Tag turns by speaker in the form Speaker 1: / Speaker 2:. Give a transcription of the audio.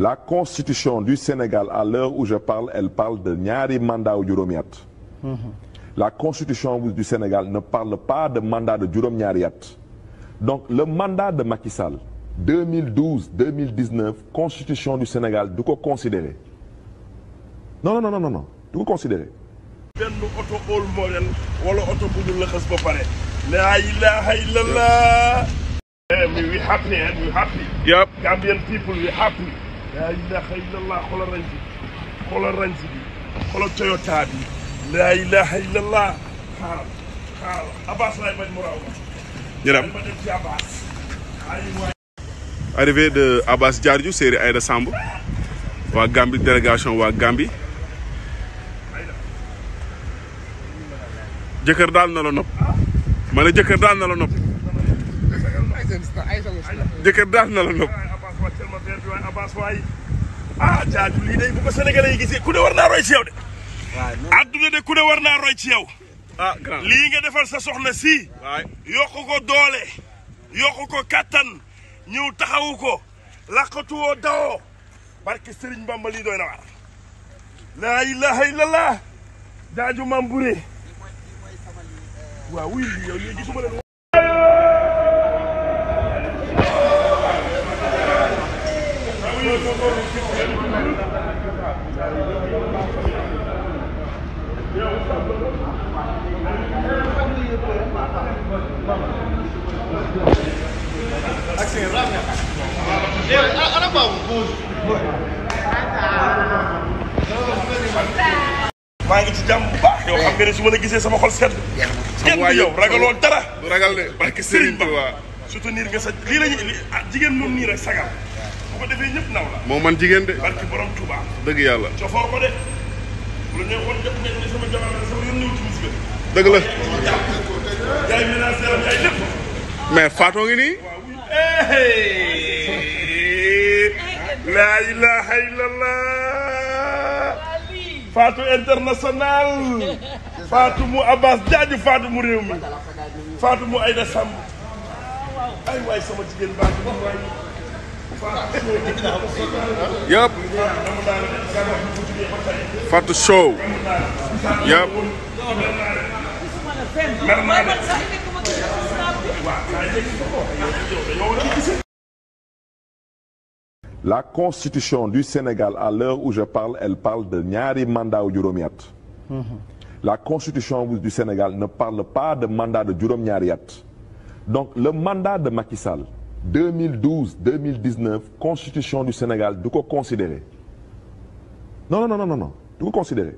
Speaker 1: La constitution du Sénégal, à l'heure où je parle, elle parle de Nyari mandat ou juróomi mhm. La constitution du Sénégal ne parle pas de mandat de durom Donc le mandat de Macky Sall 2012 2019 constitution du Sénégal du quoi considérer non non non non non du quoi considérer.
Speaker 2: لا إله إلا الله rañ si xoolal rañ si bi xoolal Toyota bi laa ilaha illallah خال xaaral Abbas laay bañ mu raw ma arrivé de Abbas Diardiou Seri Aïda Sambou, wa Gambie délégation wa Gambie jëkkër daal na la nopp ma ne jëkkër na la nopp jëkkër daal na la nopp wàccal ma ah, jaaju lii day bu ko sénégalais yi ku ne war naa roy ci yow de. adduna de ku ne war naa roy ci yow. ah lii nga defal sa soxna si. waay ko doole. yokk ko kattan ñëw taxawu ko laqatuwoo dawoo barke Serigne Bamba lii doy na waar. laa ilaha illallah jaaju Mame Bouré waaw wuy lii yow lii gisuma leen maa ngi ci jàmm bu baax sama xol iya, sedd kenn yow ragaloon dara ah. ragal de barke Serigne Ba soutenir nga sa lii lañu ah, jigéen moom nii bu ko defee ñëpp naw la. moo man jigéen de. barki borom Touba. dëgg yàlla. cofoo ko de. bu la neexoon jot ngeen ne sama jabar la sama yoon ñëw ci musique dëgg la. yaay ménage yaay lépp. mais faatoo ngi nii. Eh. laa ilaha illallah. faatu international. faatu mu Abbas jaaju faatu mu réew mi. faatu mu Aïda Samb. ay waay sama jigéen baa ngi
Speaker 1: La constitution du Sénégal, à l'heure où je parle, elle parle de Nyari mandat ou mhm. La constitution du Sénégal ne parle pas de mandat de juróom Donc le mandat de Macky Sall 2012 2019 constitution du Sénégal de quoi considérer non non non non non De quoi considérer